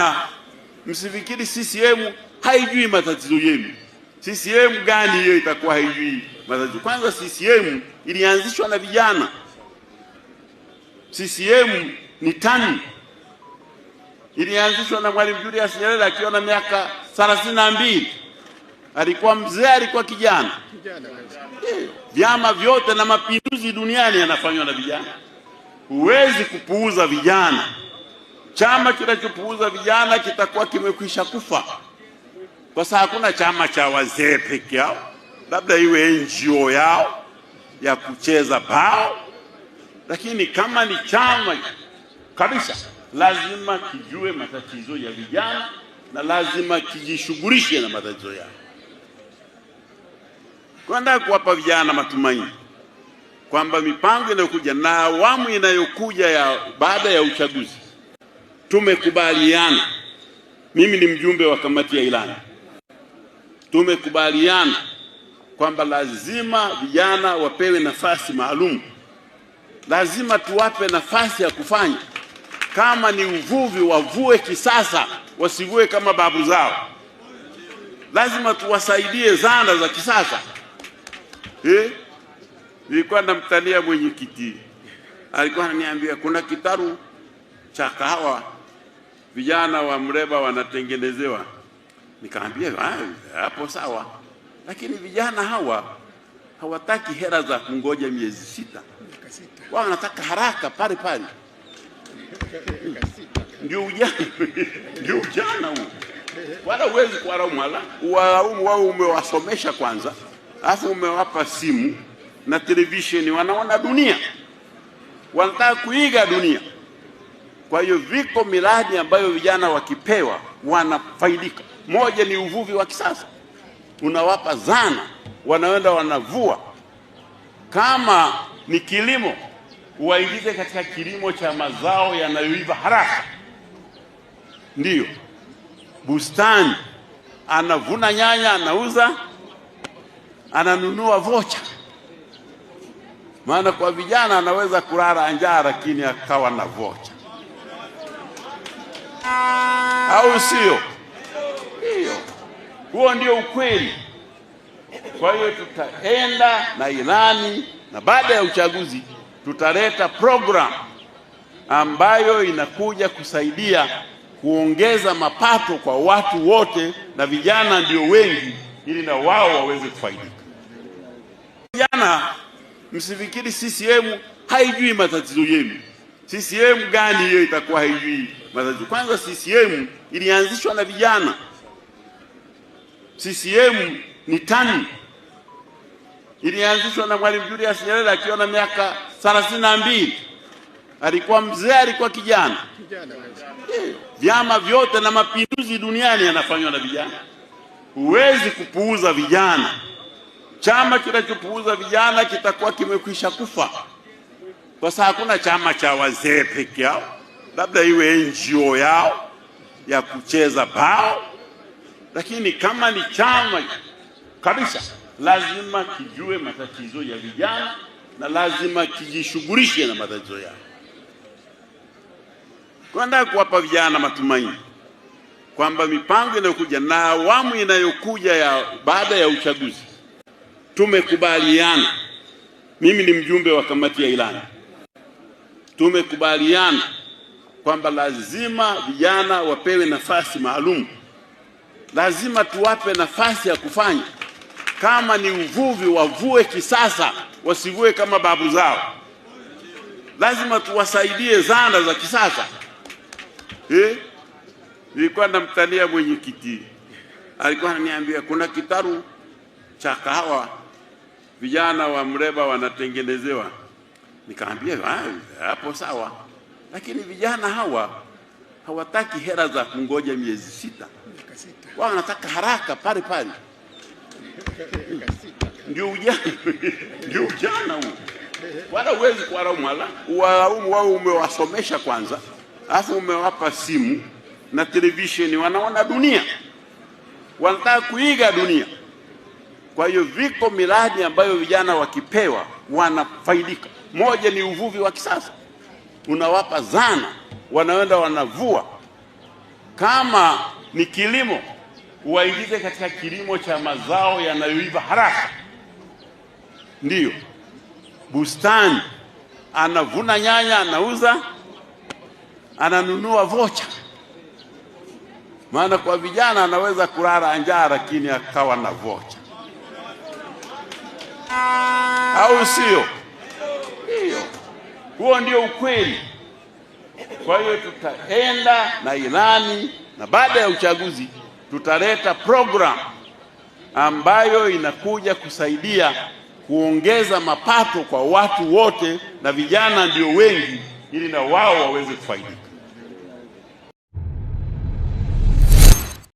maana msifikiri CCM haijui matatizo yenu. CCM gani hiyo itakuwa haijui matatizo? Kwanza CCM ilianzishwa na vijana. CCM ni tani, ilianzishwa na Mwalimu Julius Nyerere akiwa na miaka thelathini na mbili. Alikuwa mzee, alikuwa kijana. Eh, vyama vyote na mapinduzi duniani yanafanywa na vijana. Huwezi kupuuza vijana. Chama kinachopuuza vijana kitakuwa kimekwisha kufa, kwa sababu hakuna chama cha wazee peke yao, labda iwe NGO yao ya kucheza bao, lakini kama ni chama kabisa, lazima kijue matatizo ya vijana na lazima kijishughulishe na matatizo yao. kwenda kuwapa vijana matumaini kwamba mipango inayokuja na awamu inayokuja ya baada ya uchaguzi tumekubaliana, mimi ni mjumbe wa kamati ya ilani, tumekubaliana kwamba lazima vijana wapewe nafasi maalum, lazima tuwape nafasi ya kufanya. Kama ni uvuvi, wavue kisasa, wasivue kama babu zao. Lazima tuwasaidie zana za kisasa eh? Nilikuwa namtania mwenyekiti, alikuwa ananiambia kuna kitaru cha kahawa vijana wa Mreba wanatengenezewa. Nikaambia ah, hapo sawa, lakini vijana hawa hawataki hera za kungoja miezi sita, wao wanataka haraka pale pale. Ndio ujana, ndio ujana huo. Wala huwezi kuwalaumu, wala uwalaumu wao. Umewasomesha kwanza, alafu umewapa simu na televisheni, wanaona dunia, wanataka kuiga dunia. Kwa hiyo viko miradi ambayo vijana wakipewa wanafaidika. Moja ni uvuvi wa kisasa, unawapa zana, wanaenda wanavua. Kama ni kilimo, waingize katika kilimo cha mazao yanayoiva haraka, ndiyo bustani, anavuna nyanya, anauza, ananunua vocha maana kwa vijana anaweza kulala njaa, lakini akawa na vocha au sio? Hiyo, huo ndio ukweli. Kwa hiyo tutaenda na ilani na baada ya uchaguzi tutaleta programu ambayo inakuja kusaidia kuongeza mapato kwa watu wote, na vijana ndio wengi, ili na wao waweze kufaidika. Vijana, msifikiri CCM haijui matatizo yenu. CCM gani hiyo itakuwa hivi Mazaji, Kwanza CCM ilianzishwa na vijana. CCM ni tani, ilianzishwa na Mwalimu Julius Nyerere akiwa na miaka thelathini na mbili. Alikuwa mzee, alikuwa kijana. Eh, vyama vyote na mapinduzi duniani yanafanywa na vijana. Huwezi kupuuza vijana. Chama kinachopuuza vijana kitakuwa kimekwisha kufa kwa sababu hakuna chama cha wazee peke yao, labda iwe NGO yao ya kucheza bao, lakini kama ni chama kabisa, lazima kijue matatizo ya vijana na lazima kijishughulishe na matatizo yao. Kwenda kuwapa vijana matumaini kwamba mipango inayokuja na awamu inayokuja ya baada ya uchaguzi tumekubaliana. Mimi ni mjumbe wa kamati ya ilani tumekubaliana kwamba lazima vijana wapewe nafasi maalum, lazima tuwape nafasi ya kufanya. Kama ni uvuvi, wavue kisasa, wasivue kama babu zao. Lazima tuwasaidie zana za kisasa. Eh, nilikuwa namtania mwenyekiti, alikuwa ananiambia kuna kitaru cha kahawa vijana wa Mreba wanatengenezewa Nikaambia ah, hapo sawa, lakini vijana hawa hawataki hela za kungoja miezi sita, wao wanataka haraka pale pale. Ndio ujana, ndio ujana huo. Wala huwezi kuwalaumu, wala walaumu wao. Umewasomesha kwanza, alafu umewapa simu na televisheni, wanaona dunia, wanataka kuiga dunia. Kwa hiyo viko miradi ambayo vijana wakipewa wanafaidika. Moja ni uvuvi wa kisasa, unawapa zana, wanaenda wanavua. Kama ni kilimo, waingize katika kilimo cha mazao yanayoiva haraka, ndiyo bustani, anavuna nyanya, anauza, ananunua vocha maana kwa vijana anaweza kulala njaa, lakini akawa na vocha au sio? Hiyo huo ndio ukweli. Kwa hiyo tutaenda na ilani na baada ya uchaguzi tutaleta programu ambayo inakuja kusaidia kuongeza mapato kwa watu wote, na vijana ndio wengi, ili na wao waweze kufaidika.